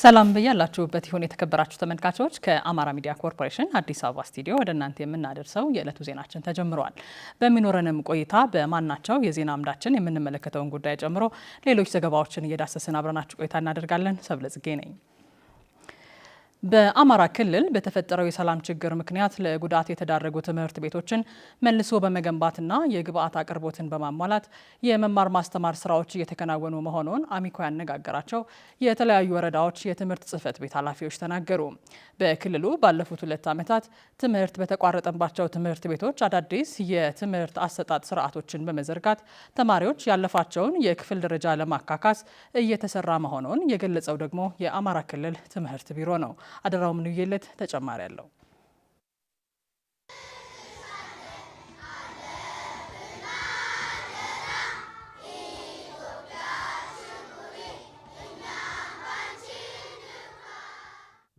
ሰላም በያላችሁበት ይሁን የተከበራችሁ ተመልካቾች። ከአማራ ሚዲያ ኮርፖሬሽን አዲስ አበባ ስቱዲዮ ወደ እናንተ የምናደርሰው የዕለቱ ዜናችን ተጀምሯል። በሚኖረንም ቆይታ በማናቸው የዜና አምዳችን የምንመለከተውን ጉዳይ ጨምሮ ሌሎች ዘገባዎችን እየዳሰስን አብረናችሁ ቆይታ እናደርጋለን። ጽጌ ነኝ። በአማራ ክልል በተፈጠረው የሰላም ችግር ምክንያት ለጉዳት የተዳረጉ ትምህርት ቤቶችን መልሶ በመገንባትና የግብዓት አቅርቦትን በማሟላት የመማር ማስተማር ስራዎች እየተከናወኑ መሆኑን አሚኮ ያነጋገራቸው የተለያዩ ወረዳዎች የትምህርት ጽህፈት ቤት ኃላፊዎች ተናገሩ። በክልሉ ባለፉት ሁለት ዓመታት ትምህርት በተቋረጠባቸው ትምህርት ቤቶች አዳዲስ የትምህርት አሰጣጥ ስርዓቶችን በመዘርጋት ተማሪዎች ያለፋቸውን የክፍል ደረጃ ለማካካስ እየተሰራ መሆኑን የገለጸው ደግሞ የአማራ ክልል ትምህርት ቢሮ ነው። አደራው ምንዬለት ተጨማሪ አለው።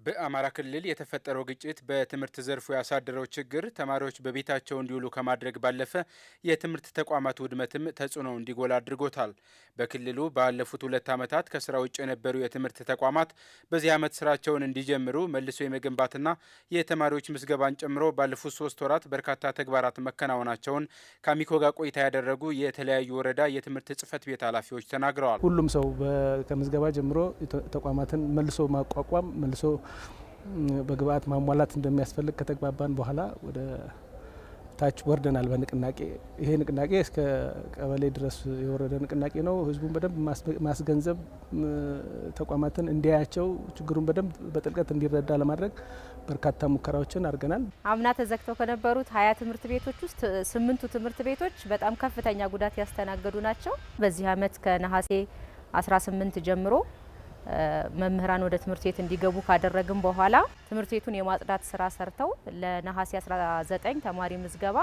በአማራ ክልል የተፈጠረው ግጭት በትምህርት ዘርፉ ያሳደረው ችግር ተማሪዎች በቤታቸው እንዲውሉ ከማድረግ ባለፈ የትምህርት ተቋማት ውድመትም ተጽዕኖ እንዲጎላ አድርጎታል። በክልሉ ባለፉት ሁለት ዓመታት ከስራ ውጭ የነበሩ የትምህርት ተቋማት በዚህ ዓመት ስራቸውን እንዲጀምሩ መልሶ የመገንባትና የተማሪዎች ምስገባን ጨምሮ ባለፉት ሶስት ወራት በርካታ ተግባራት መከናወናቸውን ከአሚኮ ጋር ቆይታ ያደረጉ የተለያዩ ወረዳ የትምህርት ጽህፈት ቤት ኃላፊዎች ተናግረዋል። ሁሉም ሰው ከምዝገባ ጀምሮ ተቋማትን መልሶ ማቋቋም መልሶ በግብአት ማሟላት እንደሚያስፈልግ ከተግባባን በኋላ ወደ ታች ወርደናል በንቅናቄ። ይሄ ንቅናቄ እስከ ቀበሌ ድረስ የወረደ ንቅናቄ ነው። ህዝቡን በደንብ ማስገንዘብ፣ ተቋማትን እንዲያያቸው፣ ችግሩን በደንብ በጥልቀት እንዲረዳ ለማድረግ በርካታ ሙከራዎችን አድርገናል። አምና ተዘግተው ከነበሩት ሀያ ትምህርት ቤቶች ውስጥ ስምንቱ ትምህርት ቤቶች በጣም ከፍተኛ ጉዳት ያስተናገዱ ናቸው። በዚህ አመት ከነሐሴ 18 ጀምሮ መምህራን ወደ ትምህርት ቤት እንዲገቡ ካደረግን በኋላ ትምህርት ቤቱን የማጽዳት ስራ ሰርተው ለነሐሴ 19 ተማሪ ምዝገባ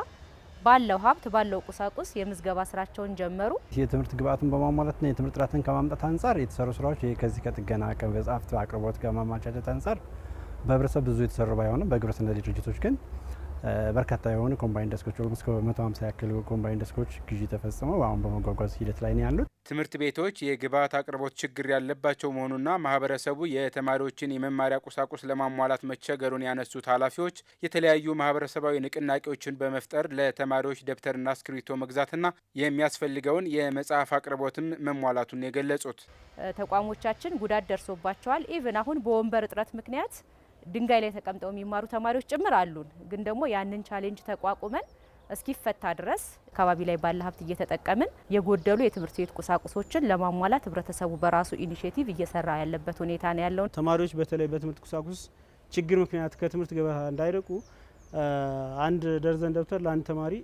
ባለው ሀብት ባለው ቁሳቁስ የምዝገባ ስራቸውን ጀመሩ። የትምህርት ግብአቱን በማሟላትና የትምህርት ጥራትን ከማምጣት አንጻር የተሰሩ ስራዎች ከዚህ ከጥገና ከመጻሕፍት አቅርቦት ጋር ከማመቻቸት አንጻር በህብረተሰብ ብዙ የተሰሩ ባይሆንም በግብረሰናይ ድርጅቶች ግን በርካታ የሆኑ ኮምባይን ደስኮች እስከ 150 ያክል ኮምባይን ደስኮች ግዢ ተፈጽመው አሁን በመጓጓዝ ሂደት ላይ ነው ያሉት። ትምህርት ቤቶች የግብዓት አቅርቦት ችግር ያለባቸው መሆኑና ማህበረሰቡ የተማሪዎችን የመማሪያ ቁሳቁስ ለማሟላት መቸገሩን ያነሱት ኃላፊዎች የተለያዩ ማህበረሰባዊ ንቅናቄዎችን በመፍጠር ለተማሪዎች ደብተርና እስክሪብቶ መግዛትና የሚያስፈልገውን የመጽሐፍ አቅርቦትም መሟላቱን የገለጹት ተቋሞቻችን ጉዳት ደርሶባቸዋል። ኢቭን አሁን በወንበር እጥረት ምክንያት ድንጋይ ላይ ተቀምጠው የሚማሩ ተማሪዎች ጭምር አሉን። ግን ደግሞ ያንን ቻሌንጅ ተቋቁመን እስኪፈታ ድረስ አካባቢ ላይ ባለ ሀብት እየተጠቀምን የጎደሉ የትምህርት ቤት ቁሳቁሶችን ለማሟላት ህብረተሰቡ በራሱ ኢኒሽቲቭ እየሰራ ያለበት ሁኔታ ነው ያለው። ተማሪዎች በተለይ በትምህርት ቁሳቁስ ችግር ምክንያት ከትምህርት ገበታ እንዳይርቁ አንድ ደርዘን ደብተር ለአንድ ተማሪ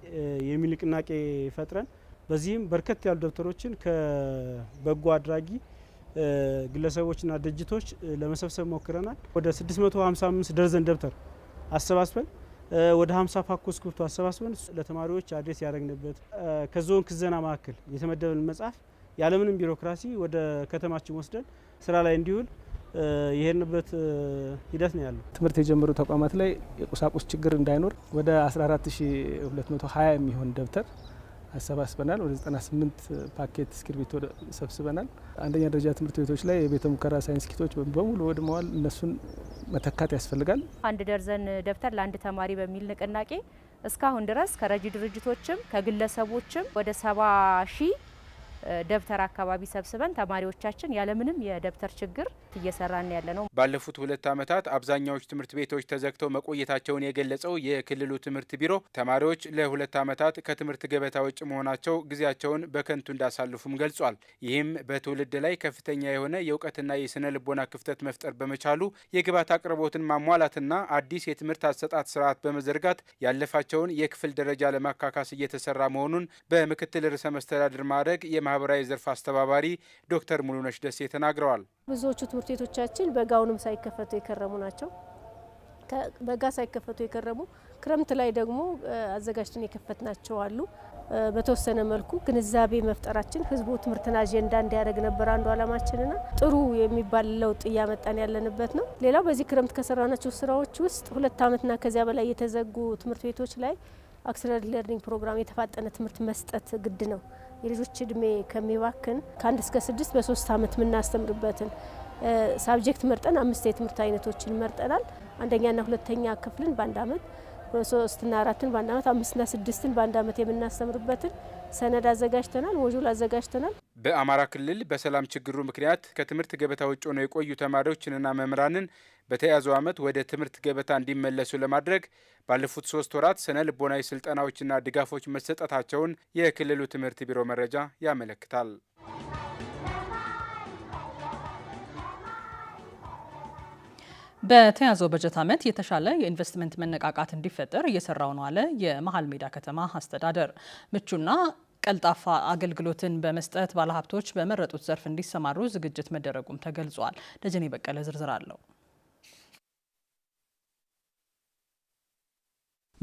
የሚል ንቅናቄ ፈጥረን በዚህም በርከት ያሉ ደብተሮችን ከበጎ አድራጊ ግለሰቦችና ድርጅቶች ለመሰብሰብ ሞክረናል። ወደ 655 ደርዘን ደብተር አሰባስበን ወደ 50 ፓኮስ እስክሪብቶ አሰባስበን ለተማሪዎች አድሬስ ያደረግንበት ከዞን ክዘና ማዕከል የተመደበን መጽሐፍ ያለምንም ቢሮክራሲ ወደ ከተማችን ወስደን ስራ ላይ እንዲውል የሄድንበት ሂደት ነው ያለው። ትምህርት የጀመሩ ተቋማት ላይ የቁሳቁስ ችግር እንዳይኖር ወደ 14220 የሚሆን ደብተር አሰባስበናል። ወደ 98 ፓኬት እስክርቢቶ ሰብስበናል። አንደኛ ደረጃ ትምህርት ቤቶች ላይ የቤተ ሙከራ ሳይንስ ኪቶች በሙሉ ወድመዋል። እነሱን መተካት ያስፈልጋል። አንድ ደርዘን ደብተር ለአንድ ተማሪ በሚል ንቅናቄ እስካሁን ድረስ ከረጂ ድርጅቶችም ከግለሰቦችም ወደ ሰባ ሺህ ደብተር አካባቢ ሰብስበን ተማሪዎቻችን ያለምንም የደብተር ችግር እየሰራን ያለ ነው። ባለፉት ሁለት ዓመታት አብዛኛዎቹ ትምህርት ቤቶች ተዘግተው መቆየታቸውን የገለጸው የክልሉ ትምህርት ቢሮ ተማሪዎች ለሁለት ዓመታት ከትምህርት ገበታ ውጭ መሆናቸው ጊዜያቸውን በከንቱ እንዳሳልፉም ገልጿል። ይህም በትውልድ ላይ ከፍተኛ የሆነ የእውቀትና የስነ ልቦና ክፍተት መፍጠር በመቻሉ የግብዓት አቅርቦትን ማሟላትና አዲስ የትምህርት አሰጣት ስርዓት በመዘርጋት ያለፋቸውን የክፍል ደረጃ ለማካካስ እየተሰራ መሆኑን በምክትል ርዕሰ መስተዳድር ማዕረግ ማህበራዊ ዘርፍ አስተባባሪ ዶክተር ሙሉነሽ ደሴ ተናግረዋል። ብዙዎቹ ትምህርት ቤቶቻችን በጋውንም ሳይከፈቱ የከረሙ ናቸው። በጋ ሳይከፈቱ የከረሙ ክረምት ላይ ደግሞ አዘጋጅተን ናቸው አሉ። በተወሰነ መልኩ ግንዛቤ መፍጠራችን ህዝቡ ትምህርትን አጀንዳ እንዲያደርግ ነበር አንዱ አላማችንና ጥሩ የሚባል ለውጥ እያመጣን ያለንበት ነው። ሌላው በዚህ ክረምት ከሰራናቸው ስራዎች ውስጥ ሁለት ዓመትና ከዚያ በላይ የተዘጉ ትምህርት ቤቶች ላይ አክስለሬት ለርኒንግ ፕሮግራም የተፋጠነ ትምህርት መስጠት ግድ ነው። የልጆች እድሜ ከሚባክን ከአንድ እስከ ስድስት በሶስት አመት የምናስተምርበትን ሳብጀክት መርጠን አምስት የትምህርት አይነቶችን መርጠናል። አንደኛና ሁለተኛ ክፍልን በአንድ አመት፣ ሶስትና አራትን በአንድ አመት፣ አምስትና ስድስትን በአንድ አመት የምናስተምርበትን ሰነድ አዘጋጅተናል፣ ሞጁል አዘጋጅተናል። በአማራ ክልል በሰላም ችግሩ ምክንያት ከትምህርት ገበታ ውጭ ሆነው የቆዩ ተማሪዎችንና መምህራንን በተያዘው ዓመት ወደ ትምህርት ገበታ እንዲመለሱ ለማድረግ ባለፉት ሶስት ወራት ስነ ልቦናዊ ስልጠናዎችና ድጋፎች መሰጠታቸውን የክልሉ ትምህርት ቢሮ መረጃ ያመለክታል። በተያዘው በጀት ዓመት የተሻለ የኢንቨስትመንት መነቃቃት እንዲፈጠር እየሰራው ነው አለ የመሀል ሜዳ ከተማ አስተዳደር። ምቹና ቀልጣፋ አገልግሎትን በመስጠት ባለሀብቶች በመረጡት ዘርፍ እንዲሰማሩ ዝግጅት መደረጉም ተገልጿል። ደጀኔ በቀለ ዝርዝር አለው።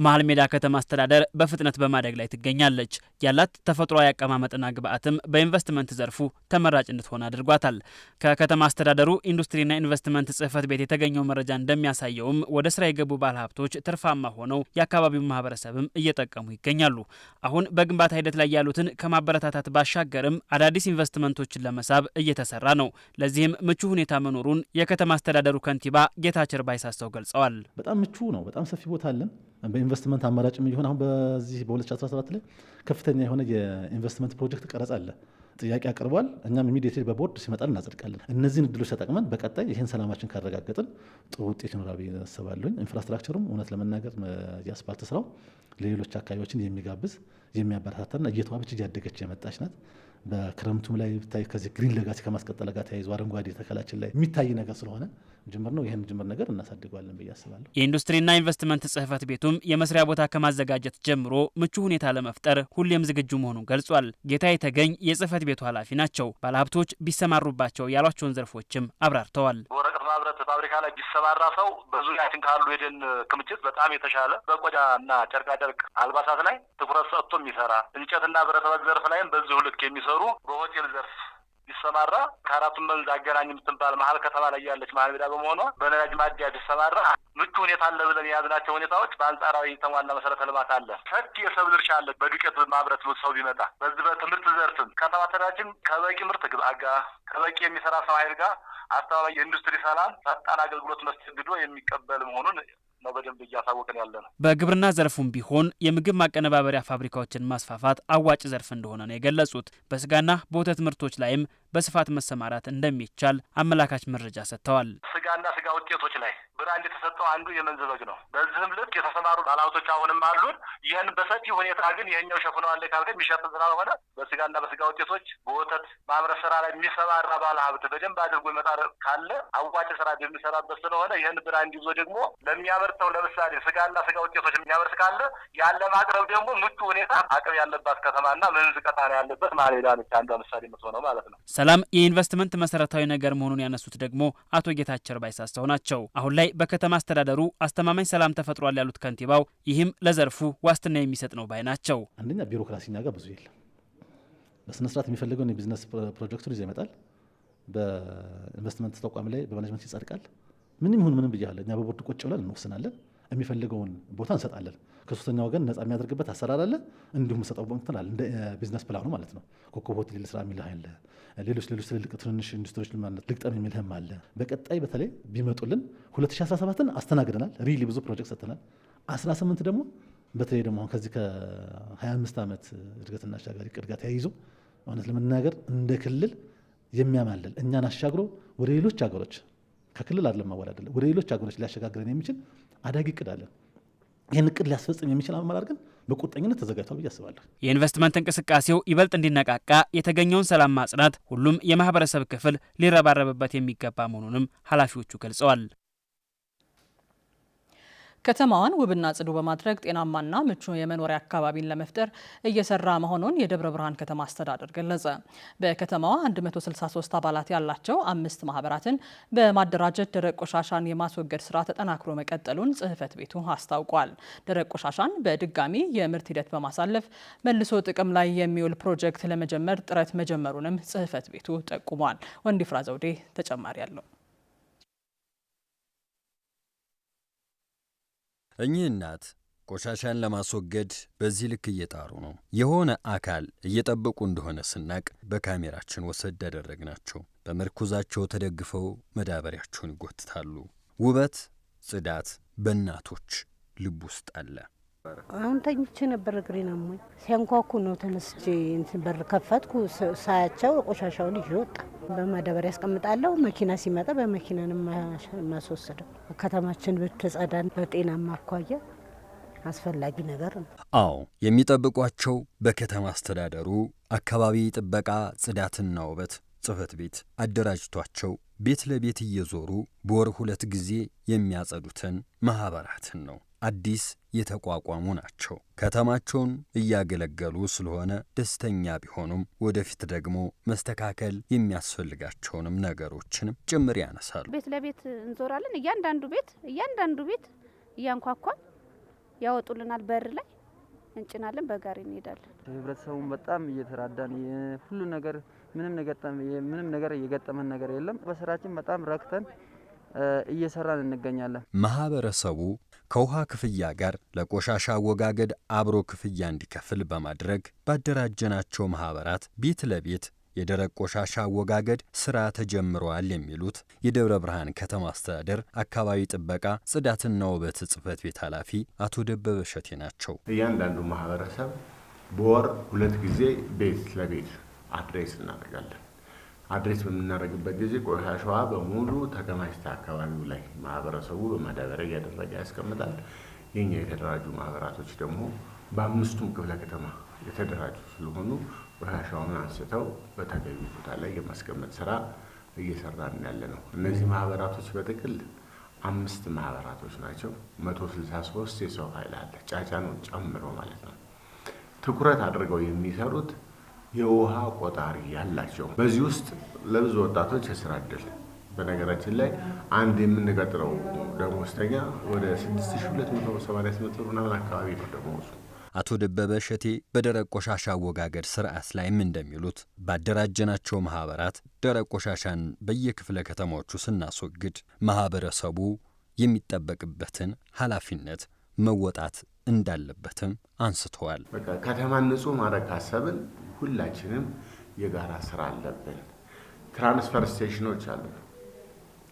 መሀል ሜዳ ከተማ አስተዳደር በፍጥነት በማደግ ላይ ትገኛለች። ያላት ተፈጥሯዊ አቀማመጥና ግብአትም በኢንቨስትመንት ዘርፉ ተመራጭ እንድትሆን አድርጓታል። ከከተማ አስተዳደሩ ኢንዱስትሪና ኢንቨስትመንት ጽህፈት ቤት የተገኘው መረጃ እንደሚያሳየውም ወደ ስራ የገቡ ባለሀብቶች ሀብቶች ትርፋማ ሆነው የአካባቢው ማህበረሰብም እየጠቀሙ ይገኛሉ። አሁን በግንባታ ሂደት ላይ ያሉትን ከማበረታታት ባሻገርም አዳዲስ ኢንቨስትመንቶችን ለመሳብ እየተሰራ ነው። ለዚህም ምቹ ሁኔታ መኖሩን የከተማ አስተዳደሩ ከንቲባ ጌታቸው እርባይሳሰው ገልጸዋል። በጣም ምቹ ነው። በጣም ሰፊ ቦታ አለን። በኢንቨስትመንት አማራጭ የሚሆን አሁን በዚህ በ2017 ላይ ከፍተኛ የሆነ የኢንቨስትመንት ፕሮጀክት ቀረጽ አለ። ጥያቄ አቅርቧል። እኛም ኢሚዲየት በቦርድ ሲመጣል እናጸድቃለን። እነዚህን እድሎች ተጠቅመን በቀጣይ ይህን ሰላማችን ካረጋገጥን ጥሩ ውጤት ይኖራል ብዬ አስባለሁ። ኢንፍራስትራክቸሩም እውነት ለመናገር የአስፓልት ስራው ለሌሎች አካባቢዎችን የሚጋብዝ የሚያበረታታና እየተዋበች እያደገች የመጣች ናት። በክረምቱም ላይ ብታይ ከዚህ ግሪን ለጋሲ ከማስቀጠል ጋር ተያይዞ አረንጓዴ ተከላችን ላይ የሚታይ ነገር ስለሆነ ጅምር ነው። ይህን ጅምር ነገር እናሳድገዋለን ብዬ አስባለሁ። የኢንዱስትሪና ኢንቨስትመንት ጽህፈት ቤቱም የመስሪያ ቦታ ከማዘጋጀት ጀምሮ ምቹ ሁኔታ ለመፍጠር ሁሌም ዝግጁ መሆኑን ገልጿል። ጌታ የተገኝ የጽህፈት ቤቱ ኃላፊ ናቸው። ባለሀብቶች ቢሰማሩባቸው ያሏቸውን ዘርፎችም አብራርተዋል። በወረቀት እና ፋብሪካ ላይ ቢሰማራ ሰው በዙሪያችን ካሉ የደን ክምችት በጣም የተሻለ በቆዳ እና ጨርቃጨርቅ አልባሳት ላይ ትኩረት ሰጥቶ የሚሰራ እንጨትና ብረታ ዘርፍ ላይም በዚሁ ልክ የሚሰሩ በሆቴል ዘርፍ ቢሰማራ ከአራቱም ወንዝ አገናኝ የምትባል መሀል ከተማ ላይ ያለች መሀል ሜዳ በመሆኗ በነዳጅ ማደያ ቢሰማራ ምቹ ሁኔታ አለ ብለን የያዝናቸው ሁኔታዎች በአንጻራዊ የተሟላ መሰረተ ልማት አለ። ሰፊ የሰብል እርሻ አለ። በዱቄት ማምረት ሰው ቢመጣ በዚህ በትምህርት ዘርፍም ከተማ ተዳችን ከበቂ ምርት ግብአጋ ከበቂ የሚሰራ ሰው ኃይል ጋር አስተባባይ የኢንዱስትሪ ሰላም ፈጣን አገልግሎት መስተንግዶ የሚቀበል መሆኑን ነው በደንብ እያሳወቅን ያለ ነው። በግብርና ዘርፉም ቢሆን የምግብ ማቀነባበሪያ ፋብሪካዎችን ማስፋፋት አዋጭ ዘርፍ እንደሆነ ነው የገለጹት። በስጋና በወተት ምርቶች ላይም በስፋት መሰማራት እንደሚቻል አመላካች መረጃ ሰጥተዋል። ስጋና ስጋ ውጤቶች ላይ ብራንድ የተሰጠው አንዱ የመንዝ በግ ነው። በዚህም ልክ የተሰማሩ ባለሀብቶች አሁንም አሉን። ይህን በሰፊ ሁኔታ ግን ይህኛው ሸፍነዋል ካልከ የሚሸጥ ስላልሆነ በስጋና በስጋ ውጤቶች በወተት ማምረት ስራ ላይ የሚሰማራ ባለሀብት በደንብ አድርጎ ይመጣል ካለ አዋጭ ስራ የሚሰራበት ስለሆነ ይህን ብራንድ ይዞ ደግሞ ለሚያመርተው ለምሳሌ ስጋና ስጋ ውጤቶች የሚያመርት ካለ ያለ ማቅረብ ደግሞ ምቹ ሁኔታ አቅም ያለባት ከተማና መንዝ ቀጣና ያለበት ማሌዳ ነች። አንዷ ምሳሌ የምትሆነው ማለት ነው። ሰላም የኢንቨስትመንት መሰረታዊ ነገር መሆኑን ያነሱት ደግሞ አቶ ጌታቸው እርባይሳ ሰው ናቸው። አሁን ላይ በከተማ አስተዳደሩ አስተማማኝ ሰላም ተፈጥሯል ያሉት ከንቲባው ይህም ለዘርፉ ዋስትና የሚሰጥ ነው ባይ ናቸው። አንደኛ ቢሮክራሲኛ ጋር ብዙ የለም። በስነስርዓት የሚፈልገውን የቢዝነስ ፕሮጀክቱን ይዞ ይመጣል። በኢንቨስትመንት ተቋም ላይ በማኔጅመንት ይጸድቃል። ምንም ይሁን ምንም ብያለ እኛ በቦርድ ቁጭ ብለን እንወስናለን። የሚፈልገውን ቦታ እንሰጣለን። ከሶስተኛ ወገን ነፃ የሚያደርግበት አሰራር አለ። እንዲሁም ሰጠው እንትን አለ እንደ ቢዝነስ ፕላኑ ማለት ነው። ኮከብ ሆቴል ስራ የሚልህ አለ። ሌሎች ሌሎች ትልልቅ ትንንሽ ኢንዱስትሪዎች ማለት ልቅጠም የሚልህም አለ። በቀጣይ በተለይ ቢመጡልን 2017ን አስተናግደናል። ሪሊ ብዙ ፕሮጀክት ሰጥተናል። 18 ደግሞ በተለይ ደግሞ አሁን ከዚህ ከ25 ዓመት እድገትና አሻጋሪ እቅድ ጋር ተያይዞ እውነት ለመናገር እንደ ክልል የሚያማልል እኛን አሻግሮ ወደ ሌሎች ሀገሮች ከክልል አይደለም ማወዳደር ወደ ሌሎች ሀገሮች ሊያሸጋግረን የሚችል አዳጊ እቅድ አለን። ይህን እቅድ ሊያስፈጽም የሚችል አመራር ግን በቁርጠኝነት ተዘጋጅቷል ብዬ አስባለሁ። የኢንቨስትመንት እንቅስቃሴው ይበልጥ እንዲነቃቃ የተገኘውን ሰላም ማጽናት ሁሉም የማህበረሰብ ክፍል ሊረባረብበት የሚገባ መሆኑንም ኃላፊዎቹ ገልጸዋል። ከተማዋን ውብና ጽዱ በማድረግ ጤናማና ምቹ የመኖሪያ አካባቢን ለመፍጠር እየሰራ መሆኑን የደብረ ብርሃን ከተማ አስተዳደር ገለጸ። በከተማዋ 163 አባላት ያላቸው አምስት ማህበራትን በማደራጀት ደረቅ ቆሻሻን የማስወገድ ስራ ተጠናክሮ መቀጠሉን ጽህፈት ቤቱ አስታውቋል። ደረቅ ቆሻሻን በድጋሚ የምርት ሂደት በማሳለፍ መልሶ ጥቅም ላይ የሚውል ፕሮጀክት ለመጀመር ጥረት መጀመሩንም ጽህፈት ቤቱ ጠቁሟል። ወንዲፍራ ዘውዴ ተጨማሪ አለው። እኚህ እናት ቆሻሻን ለማስወገድ በዚህ ልክ እየጣሩ ነው። የሆነ አካል እየጠበቁ እንደሆነ ስናቅ በካሜራችን ወሰድ ያደረግናቸው። በምርኩዛቸው ተደግፈው መዳበሪያቸውን ይጎትታሉ። ውበት፣ ጽዳት በእናቶች ልብ ውስጥ አለ። አሁን ተኝቼ ነበር። እግሬን አሞኝ ሲያንኳኩ ነው ተነስቼ እንትን በር ከፈትኩ። ሳያቸው ቆሻሻውን ይዤ ወጣ። በማዳበሪያ ያስቀምጣለሁ። መኪና ሲመጣ በመኪናን የማስወስደው ከተማችን ብትጸዳን በጤናማ አኳያ አስፈላጊ ነገር ነው። አዎ የሚጠብቋቸው በከተማ አስተዳደሩ አካባቢ ጥበቃ ጽዳትና ውበት ጽህፈት ቤት አደራጅቷቸው ቤት ለቤት እየዞሩ በወር ሁለት ጊዜ የሚያጸዱትን ማኅበራትን ነው። አዲስ የተቋቋሙ ናቸው። ከተማቸውን እያገለገሉ ስለሆነ ደስተኛ ቢሆኑም ወደፊት ደግሞ መስተካከል የሚያስፈልጋቸውንም ነገሮችንም ጭምር ያነሳሉ። ቤት ለቤት እንዞራለን። እያንዳንዱ ቤት እያንዳንዱ ቤት እያንኳኳን ያወጡልናል። በር ላይ እንጭናለን፣ በጋሪ እንሄዳለን። ህብረተሰቡን በጣም እየተራዳን ሁሉ ነገር ምንም ምንም ነገር የገጠመን ነገር የለም። በስራችን በጣም ረክተን እየሰራን እንገኛለን። ማህበረሰቡ ከውሃ ክፍያ ጋር ለቆሻሻ አወጋገድ አብሮ ክፍያ እንዲከፍል በማድረግ ባደራጀናቸው ማኅበራት ቤት ለቤት የደረቅ ቆሻሻ አወጋገድ ሥራ ተጀምረዋል የሚሉት የደብረ ብርሃን ከተማ አስተዳደር አካባቢ ጥበቃ ጽዳትና ውበት ጽሕፈት ቤት ኃላፊ አቶ ደበበ እሸቴ ናቸው። እያንዳንዱ ማኅበረሰብ በወር ሁለት ጊዜ ቤት ለቤት አድሬስ እናደርጋለን። አድሬስ በምናደርግበት ጊዜ ቆሻሻዋ በሙሉ ተከማችታ አካባቢው ላይ ማህበረሰቡ በማዳበሪያ እያደረገ ያስቀምጣል። የኛ የተደራጁ ማህበራቶች ደግሞ በአምስቱም ክፍለ ከተማ የተደራጁ ስለሆኑ ቆሻሻውን አንስተው በተገቢ ቦታ ላይ የማስቀመጥ ስራ እየሰራን ያለ ነው። እነዚህ ማህበራቶች በጥቅል አምስት ማህበራቶች ናቸው። መቶ ስልሳ ሶስት የሰው ኃይል አለ ጫጫ ነው ጨምሮ ማለት ነው። ትኩረት አድርገው የሚሰሩት የውሃ ቆጣሪ ያላቸው በዚህ ውስጥ ለብዙ ወጣቶች የስራ እድል በነገራችን ላይ አንድ የምንቀጥረው ደሞዝተኛ ወደ 6278 ብር ምናምን አካባቢ ነው ደሞዙ። አቶ ደበበ እሸቴ በደረቅ ቆሻሻ አወጋገድ ስርዓት ላይም እንደሚሉት ባደራጀናቸው ማህበራት ደረቅ ቆሻሻን በየክፍለ ከተማዎቹ ስናስወግድ ማህበረሰቡ የሚጠበቅበትን ኃላፊነት መወጣት እንዳለበትም አንስተዋል። ከተማን ንጹህ ማድረግ ካሰብን ሁላችንም የጋራ ስራ አለብን። ትራንስፈር ስቴሽኖች አሉ።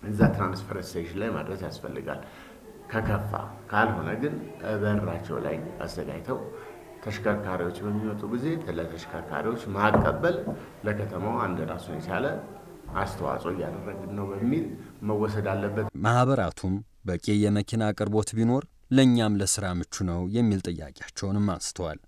እዛ ትራንስፈር ስቴሽን ላይ ማድረስ ያስፈልጋል። ከከፋ ካልሆነ ግን በራቸው ላይ አዘጋጅተው ተሽከርካሪዎች በሚመጡ ጊዜ ለተሽከርካሪዎች ማቀበል ለከተማው አንድ ራሱን የቻለ አስተዋጽኦ እያደረግን ነው በሚል መወሰድ አለበት። ማህበራቱም በቂ የመኪና አቅርቦት ቢኖር ለእኛም ለሥራ ምቹ ነው የሚል ጥያቄያቸውንም አንስተዋል።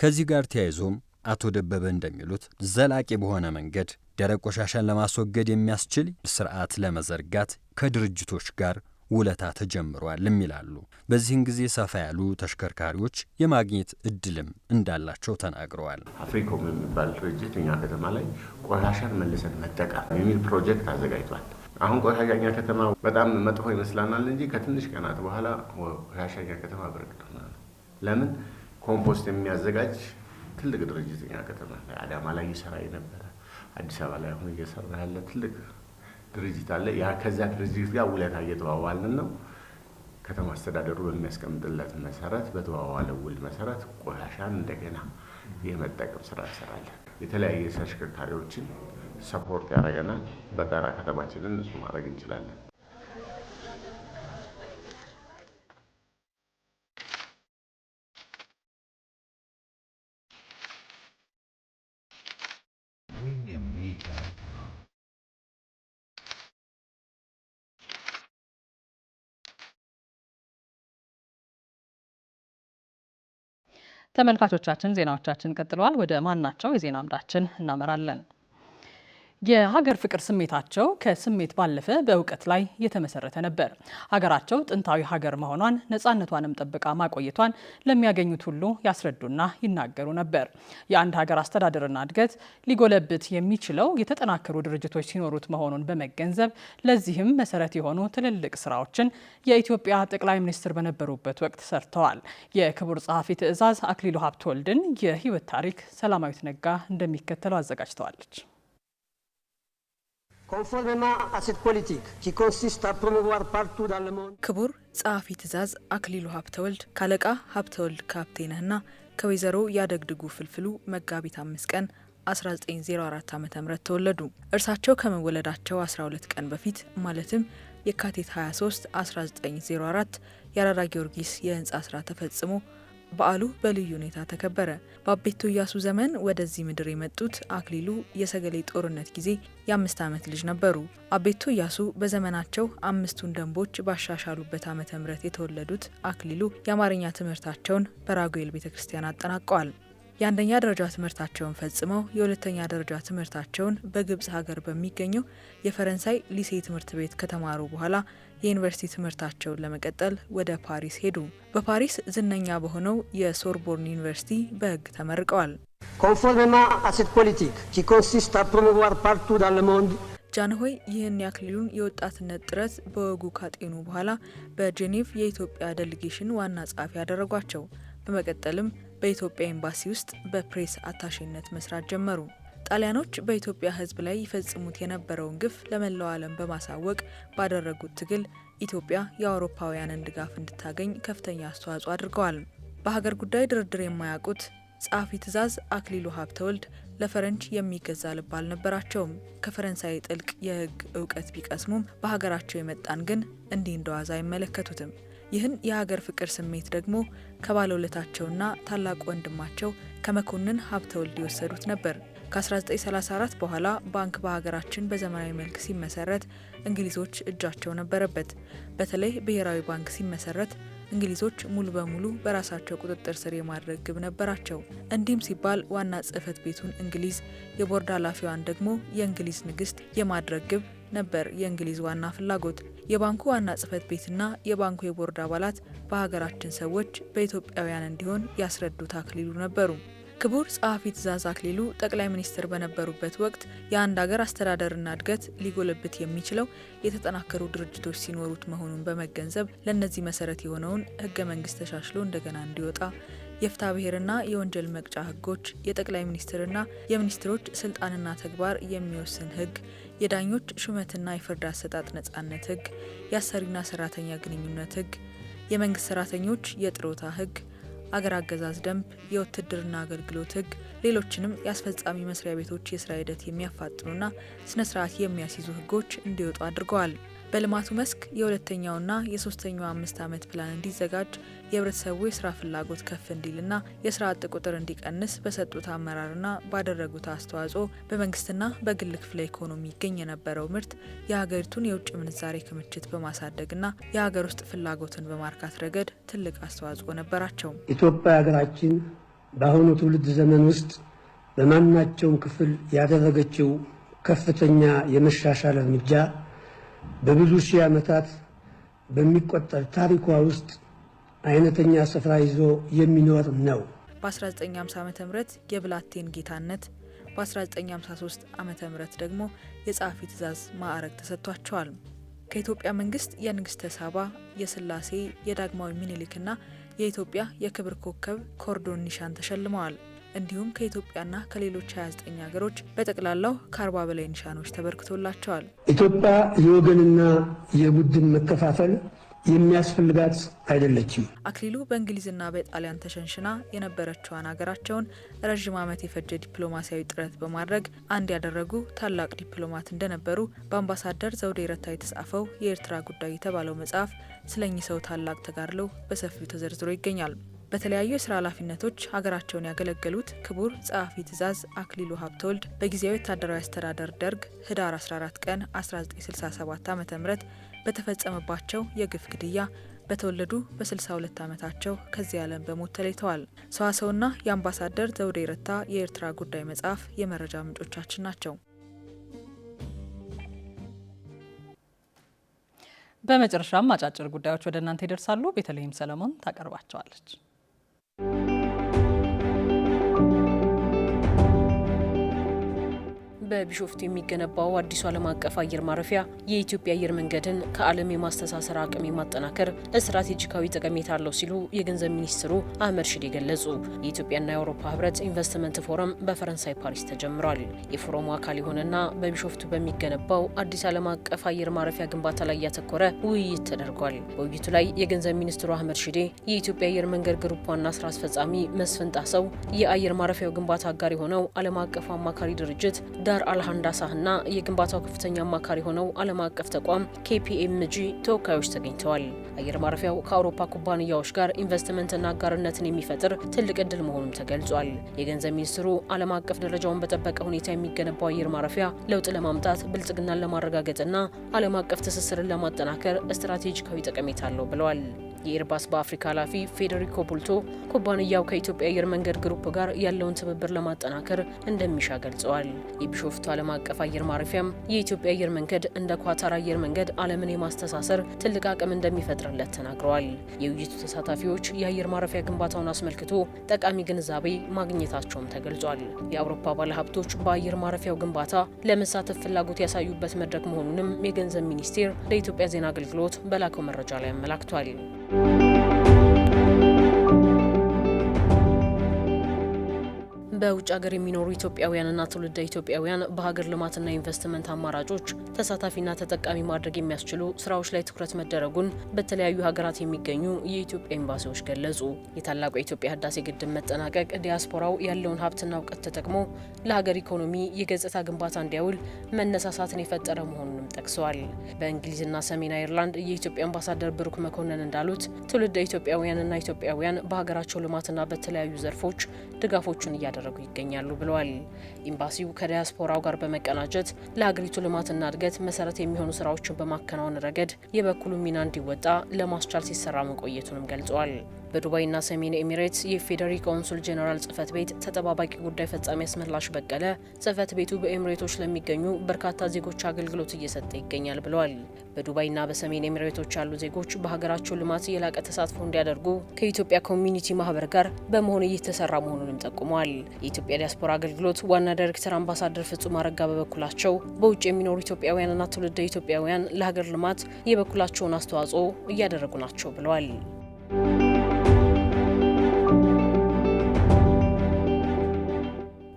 ከዚህ ጋር ተያይዞም አቶ ደበበ እንደሚሉት ዘላቂ በሆነ መንገድ ደረቅ ቆሻሻን ለማስወገድ የሚያስችል ስርዓት ለመዘርጋት ከድርጅቶች ጋር ውለታ ተጀምሯልም ይላሉ። በዚህን ጊዜ ሰፋ ያሉ ተሽከርካሪዎች የማግኘት እድልም እንዳላቸው ተናግረዋል። አፍሪኮም የሚባል ድርጅት እኛ ከተማ ላይ ቆሻሻን መልሰን መጠቀም የሚል ፕሮጀክት አዘጋጅቷል። አሁን ቆሻሻኛ ከተማ በጣም መጥፎ ይመስላናል እንጂ ከትንሽ ቀናት በኋላ ቆሻሻኛ ከተማ ብርቅ ነው። ለምን ኮምፖስት የሚያዘጋጅ ትልቅ ድርጅተኛ ከተማ አዳማ ላይ እየሰራ የነበረ አዲስ አበባ ላይ አሁን እየሰራ ያለ ትልቅ ድርጅት አለ። ያ ከዚያ ድርጅት ጋር ውለታ እየተዋዋልን ነው። ከተማ አስተዳደሩ በሚያስቀምጥለት መሰረት በተዋዋለ ውል መሰረት ቆሻሻን እንደገና የመጠቀም ስራ እንሰራለን። የተለያየ ተሽከርካሪዎችን ሰፖርት ያደረገና በጋራ ከተማችንን እሱ ማድረግ እንችላለን። ተመልካቾቻችን ዜናዎቻችን ቀጥለዋል። ወደ ማናቸው የዜና አምዳችን እናመራለን። የሀገር ፍቅር ስሜታቸው ከስሜት ባለፈ በእውቀት ላይ የተመሰረተ ነበር። ሀገራቸው ጥንታዊ ሀገር መሆኗን ነፃነቷንም ጠብቃ ማቆየቷን ለሚያገኙት ሁሉ ያስረዱና ይናገሩ ነበር። የአንድ ሀገር አስተዳደርና እድገት ሊጎለብት የሚችለው የተጠናከሩ ድርጅቶች ሲኖሩት መሆኑን በመገንዘብ ለዚህም መሰረት የሆኑ ትልልቅ ስራዎችን የኢትዮጵያ ጠቅላይ ሚኒስትር በነበሩበት ወቅት ሰርተዋል። የክቡር ጸሐፊ ትዕዛዝ አክሊሉ ሀብተወልድን የህይወት ታሪክ ሰላማዊት ነጋ እንደሚከተለው አዘጋጅተዋለች። ክቡር ጸሐፊ ትእዛዝ አክሊሉ ሀብተወልድ ካለቃ ሀብተወልድ ካፕቴንህና ከወይዘሮ ያደግድጉ ፍልፍሉ መጋቢት አምስት ቀን 1904 ዓ ም ተወለዱ። እርሳቸው ከመወለዳቸው 12 ቀን በፊት ማለትም የካቲት 23 1904 የአራዳ ጊዮርጊስ የህንፃ ስራ ተፈጽሞ በዓሉ በልዩ ሁኔታ ተከበረ። በአቤቱ ኢያሱ ዘመን ወደዚህ ምድር የመጡት አክሊሉ የሰገሌ ጦርነት ጊዜ የአምስት ዓመት ልጅ ነበሩ። አቤቱ ኢያሱ በዘመናቸው አምስቱን ደንቦች ባሻሻሉበት ዓመተ ምሕረት የተወለዱት አክሊሉ የአማርኛ ትምህርታቸውን በራጉኤል ቤተ ክርስቲያን አጠናቀዋል። የአንደኛ ደረጃ ትምህርታቸውን ፈጽመው የሁለተኛ ደረጃ ትምህርታቸውን በግብጽ ሀገር በሚገኘው የፈረንሳይ ሊሴ ትምህርት ቤት ከተማሩ በኋላ የዩኒቨርሲቲ ትምህርታቸውን ለመቀጠል ወደ ፓሪስ ሄዱ። በፓሪስ ዝነኛ በሆነው የሶርቦርን ዩኒቨርሲቲ በሕግ ተመርቀዋል። ኮንፎርሜማን ፖሊቲክ ኪ ኮንሲስት አ ፓርቱ ዳን ለ ሞንድ ጃንሆይ ይህን ያክሊሉን የወጣትነት ጥረት በወጉ ካጤኑ በኋላ በጄኔቭ የኢትዮጵያ ዴሌጌሽን ዋና ጸሐፊ ያደረጓቸው በመቀጠልም በኢትዮጵያ ኤምባሲ ውስጥ በፕሬስ አታሼነት መስራት ጀመሩ። ጣሊያኖች በኢትዮጵያ ሕዝብ ላይ ይፈጽሙት የነበረውን ግፍ ለመላው ዓለም በማሳወቅ ባደረጉት ትግል ኢትዮጵያ የአውሮፓውያንን ድጋፍ እንድታገኝ ከፍተኛ አስተዋጽኦ አድርገዋል። በሀገር ጉዳይ ድርድር የማያውቁት ጸሐፊ ትእዛዝ አክሊሉ ሀብተወልድ ለፈረንጅ የሚገዛ ልብ አልነበራቸውም። ከፈረንሳይ ጥልቅ የህግ እውቀት ቢቀስሙም በሀገራቸው የመጣን ግን እንዲህ እንደዋዛ አይመለከቱትም። ይህን የሀገር ፍቅር ስሜት ደግሞ ከባለውለታቸውና ታላቅ ወንድማቸው ከመኮንን ወልድ የወሰዱት ነበር። ከ1934 በኋላ ባንክ በሀገራችን በዘመናዊ መልክ ሲመሰረት እንግሊዞች እጃቸው ነበረበት። በተለይ ብሔራዊ ባንክ ሲመሰረት እንግሊዞች ሙሉ በሙሉ በራሳቸው ቁጥጥር ስር የማድረግ ግብ ነበራቸው። እንዲህም ሲባል ዋና ጽህፈት ቤቱን እንግሊዝ፣ የቦርድ ኃላፊዋን ደግሞ የእንግሊዝ ንግስት የማድረግ ግብ ነበር የእንግሊዝ ዋና ፍላጎት። የባንኩ ዋና ጽህፈት ቤትና የባንኩ የቦርድ አባላት በሀገራችን ሰዎች በኢትዮጵያውያን እንዲሆን ያስረዱት አክሊሉ ነበሩ። ክቡር ጸሐፊ ትእዛዝ አክሊሉ ጠቅላይ ሚኒስትር በነበሩበት ወቅት የአንድ ሀገር አስተዳደርና እድገት ሊጎለብት የሚችለው የተጠናከሩ ድርጅቶች ሲኖሩት መሆኑን በመገንዘብ ለእነዚህ መሰረት የሆነውን ህገ መንግስት ተሻሽሎ እንደገና እንዲወጣ የፍታ ብሔርና የወንጀል መቅጫ ህጎች፣ የጠቅላይ ሚኒስትርና የሚኒስትሮች ስልጣንና ተግባር የሚወስን ህግ፣ የዳኞች ሹመትና የፍርድ አሰጣጥ ነጻነት ህግ፣ የአሰሪና ሰራተኛ ግንኙነት ህግ፣ የመንግስት ሰራተኞች የጥሮታ ህግ፣ አገር አገዛዝ ደንብ፣ የውትድርና አገልግሎት ህግ፣ ሌሎችንም የአስፈጻሚ መስሪያ ቤቶች የስራ ሂደት የሚያፋጥኑና ስነ ስርዓት የሚያስይዙ ህጎች እንዲወጡ አድርገዋል። በልማቱ መስክ የሁለተኛውና የሶስተኛው አምስት ዓመት ፕላን እንዲዘጋጅ የህብረተሰቡ የስራ ፍላጎት ከፍ እንዲልና የስራ አጥ ቁጥር እንዲቀንስ በሰጡት አመራርና ባደረጉት አስተዋጽኦ በመንግስትና በግል ክፍለ ኢኮኖሚ ይገኝ የነበረው ምርት የሀገሪቱን የውጭ ምንዛሬ ክምችት በማሳደግና የሀገር ውስጥ ፍላጎትን በማርካት ረገድ ትልቅ አስተዋጽኦ ነበራቸው። ኢትዮጵያ ሀገራችን በአሁኑ ትውልድ ዘመን ውስጥ በማናቸውም ክፍል ያደረገችው ከፍተኛ የመሻሻል እርምጃ በብዙ ሺህ ዓመታት በሚቆጠር ታሪኳ ውስጥ አይነተኛ ስፍራ ይዞ የሚኖር ነው። በ1950 ዓ ም የብላቴን ጌታነት በ1953 ዓ ም ደግሞ የጸሐፊ ትእዛዝ ማዕረግ ተሰጥቷቸዋል። ከኢትዮጵያ መንግስት የንግሥተ ሳባ፣ የስላሴ፣ የዳግማዊ ሚኒሊክና የኢትዮጵያ የክብር ኮከብ ኮርዶን ኒሻን ተሸልመዋል። እንዲሁም ከኢትዮጵያና ከሌሎች 29 ሀገሮች በጠቅላላው ከአርባ በላይ ኒሻኖች ተበርክቶላቸዋል። ኢትዮጵያ የወገንና የቡድን መከፋፈል የሚያስፈልጋት አይደለችም። አክሊሉ በእንግሊዝና በጣሊያን ተሸንሽና የነበረችዋን ሀገራቸውን ረዥም ዓመት የፈጀ ዲፕሎማሲያዊ ጥረት በማድረግ አንድ ያደረጉ ታላቅ ዲፕሎማት እንደነበሩ በአምባሳደር ዘውዴ ረታ የተጻፈው የኤርትራ ጉዳይ የተባለው መጽሐፍ ስለኚህ ሰው ታላቅ ተጋድሎ በሰፊው ተዘርዝሮ ይገኛል። በተለያዩ የስራ ኃላፊነቶች ሀገራቸውን ያገለገሉት ክቡር ጸሐፊ ትእዛዝ አክሊሉ ሀብተወልድ በጊዜያዊ ወታደራዊ አስተዳደር ደርግ ህዳር 14 ቀን 1967 ዓ ም በተፈጸመባቸው የግፍ ግድያ በተወለዱ በ62 ዓመታቸው ከዚህ ዓለም በሞት ተለይተዋል። ሰዋሰውና የአምባሳደር ዘውዴ ረታ የኤርትራ ጉዳይ መጽሐፍ የመረጃ ምንጮቻችን ናቸው። በመጨረሻም አጫጭር ጉዳዮች ወደ እናንተ ይደርሳሉ። ቤተልሔም ሰለሞን ታቀርባቸዋለች። በቢሾፍቱ የሚገነባው አዲሱ ዓለም አቀፍ አየር ማረፊያ የኢትዮጵያ አየር መንገድን ከዓለም የማስተሳሰር አቅም የማጠናከር ስትራቴጂካዊ ጠቀሜታ አለው ሲሉ የገንዘብ ሚኒስትሩ አህመድ ሽዴ ገለጹ። የኢትዮጵያና የአውሮፓ ህብረት ኢንቨስትመንት ፎረም በፈረንሳይ ፓሪስ ተጀምሯል። የፎረሙ አካል የሆነና በቢሾፍቱ በሚገነባው አዲስ ዓለም አቀፍ አየር ማረፊያ ግንባታ ላይ ያተኮረ ውይይት ተደርጓል። በውይይቱ ላይ የገንዘብ ሚኒስትሩ አህመድ ሽዴ፣ የኢትዮጵያ አየር መንገድ ግሩፕ ዋና ስራ አስፈጻሚ መስፍን ጣሰው፣ የአየር ማረፊያው ግንባታ አጋር የሆነው ዓለም አቀፍ አማካሪ ድርጅት ዳ ዶክተር አልሃንዳሳህና የግንባታው ከፍተኛ አማካሪ የሆነው ዓለም አቀፍ ተቋም ኬፒኤምጂ ተወካዮች ተገኝተዋል። አየር ማረፊያው ከአውሮፓ ኩባንያዎች ጋር ኢንቨስትመንትና አጋርነትን የሚፈጥር ትልቅ እድል መሆኑም ተገልጿል። የገንዘብ ሚኒስትሩ ዓለም አቀፍ ደረጃውን በጠበቀ ሁኔታ የሚገነባው አየር ማረፊያ ለውጥ ለማምጣት ብልጽግናን ለማረጋገጥና ዓለም አቀፍ ትስስርን ለማጠናከር ስትራቴጂካዊ ጠቀሜታ አለው ብለዋል። የኤርባስ በአፍሪካ ኃላፊ ፌዴሪኮ ቡልቶ ኩባንያው ከኢትዮጵያ አየር መንገድ ግሩፕ ጋር ያለውን ትብብር ለማጠናከር እንደሚሻ ገልጸዋል። የቢሾፍቱ ዓለም አቀፍ አየር ማረፊያም የኢትዮጵያ አየር መንገድ እንደ ኳታር አየር መንገድ ዓለምን የማስተሳሰር ትልቅ አቅም እንደሚፈጥርለት ተናግረዋል። የውይይቱ ተሳታፊዎች የአየር ማረፊያ ግንባታውን አስመልክቶ ጠቃሚ ግንዛቤ ማግኘታቸውም ተገልጿል። የአውሮፓ ባለሀብቶች በአየር ማረፊያው ግንባታ ለመሳተፍ ፍላጎት ያሳዩበት መድረክ መሆኑንም የገንዘብ ሚኒስቴር ለኢትዮጵያ ዜና አገልግሎት በላከው መረጃ ላይ አመላክቷል። በውጭ ሀገር የሚኖሩ ኢትዮጵያውያንና ትውልደ ኢትዮጵያውያን በሀገር ልማትና ኢንቨስትመንት አማራጮች ተሳታፊና ተጠቃሚ ማድረግ የሚያስችሉ ስራዎች ላይ ትኩረት መደረጉን በተለያዩ ሀገራት የሚገኙ የኢትዮጵያ ኤምባሲዎች ገለጹ። የታላቁ የኢትዮጵያ ህዳሴ ግድብ መጠናቀቅ ዲያስፖራው ያለውን ሀብትና እውቀት ተጠቅሞ ለሀገር ኢኮኖሚ የገጽታ ግንባታ እንዲያውል መነሳሳትን የፈጠረ መሆኑንም ጠቅሰዋል። በእንግሊዝና ሰሜን አይርላንድ የኢትዮጵያ አምባሳደር ብሩክ መኮንን እንዳሉት ትውልደ ኢትዮጵያውያንና ኢትዮጵያውያን በሀገራቸው ልማትና በተለያዩ ዘርፎች ድጋፎቹን እያደረጉ እያደረጉ ይገኛሉ ብለዋል። ኤምባሲው ከዲያስፖራው ጋር በመቀናጀት ለሀገሪቱ ልማትና እድገት መሰረት የሚሆኑ ስራዎችን በማከናወን ረገድ የበኩሉ ሚና እንዲወጣ ለማስቻል ሲሰራ መቆየቱንም ገልጿል። በዱባይና ሰሜን ኤሚሬትስ የፌዴሪ ኮንሱል ጄኔራል ጽህፈት ቤት ተጠባባቂ ጉዳይ ፈጻሚ አስመላሽ በቀለ ጽህፈት ቤቱ በኤሚሬቶች ለሚገኙ በርካታ ዜጎች አገልግሎት እየሰጠ ይገኛል ብለዋል። በዱባይና በሰሜን ኤሚሬቶች ያሉ ዜጎች በሀገራቸው ልማት የላቀ ተሳትፎ እንዲያደርጉ ከኢትዮጵያ ኮሚኒቲ ማህበር ጋር በመሆን እየተሰራ መሆኑንም ጠቁመዋል። የኢትዮጵያ ዲያስፖራ አገልግሎት ዋና ዳይሬክተር አምባሳደር ፍጹም አረጋ በበኩላቸው በውጭ የሚኖሩ ኢትዮጵያውያንና ትውልደ ኢትዮጵያውያን ለሀገር ልማት የበኩላቸውን አስተዋጽኦ እያደረጉ ናቸው ብለዋል።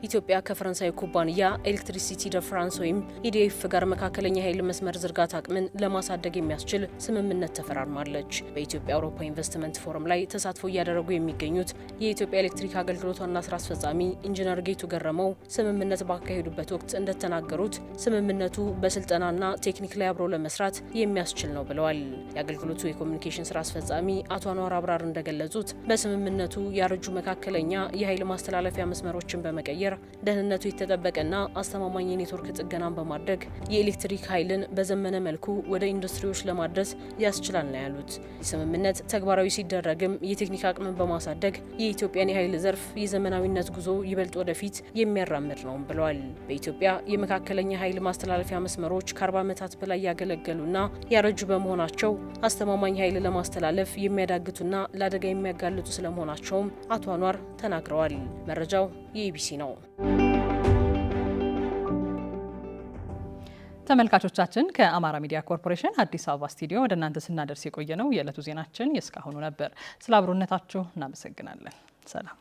ኢትዮጵያ ከፈረንሳይ ኩባንያ ኤሌክትሪሲቲ ደ ፍራንስ ወይም ኢዲኤፍ ጋር መካከለኛ የኃይል መስመር ዝርጋታ አቅምን ለማሳደግ የሚያስችል ስምምነት ተፈራርማለች። በኢትዮጵያ አውሮፓ ኢንቨስትመንት ፎረም ላይ ተሳትፎ እያደረጉ የሚገኙት የኢትዮጵያ ኤሌክትሪክ አገልግሎት ዋና ስራ አስፈጻሚ ኢንጂነር ጌቱ ገረመው ስምምነት ባካሄዱበት ወቅት እንደተናገሩት ስምምነቱ በስልጠናና ቴክኒክ ላይ አብሮ ለመስራት የሚያስችል ነው ብለዋል። የአገልግሎቱ የኮሚኒኬሽን ስራ አስፈጻሚ አቶ አኗር አብራር እንደገለጹት በስምምነቱ ያረጁ መካከለኛ የኃይል ማስተላለፊያ መስመሮችን በመቀየር ደህንነቱ የተጠበቀና አስተማማኝ የኔትወርክ ጥገናን በማድረግ የኤሌክትሪክ ኃይልን በዘመነ መልኩ ወደ ኢንዱስትሪዎች ለማድረስ ያስችላል ነው ያሉት። ስምምነት ተግባራዊ ሲደረግም የቴክኒክ አቅምን በማሳደግ የኢትዮጵያን የኃይል ዘርፍ የዘመናዊነት ጉዞ ይበልጥ ወደፊት የሚያራምድ ነው ብለዋል። በኢትዮጵያ የመካከለኛ ኃይል ማስተላለፊያ መስመሮች ከ40 ዓመታት በላይ ያገለገሉና ያረጁ በመሆናቸው አስተማማኝ ኃይል ለማስተላለፍ የሚያዳግቱና ለአደጋ የሚያጋልጡ ስለመሆናቸውም አቶ አኗር ተናግረዋል። መረጃው የኢቢሲ ነው። ተመልካቾቻችን ከአማራ ሚዲያ ኮርፖሬሽን አዲስ አበባ ስቱዲዮ ወደ እናንተ ስናደርስ የቆየ ነው የዕለቱ ዜናችን የእስካሁኑ ነበር። ስለ አብሮነታችሁ እናመሰግናለን። ሰላም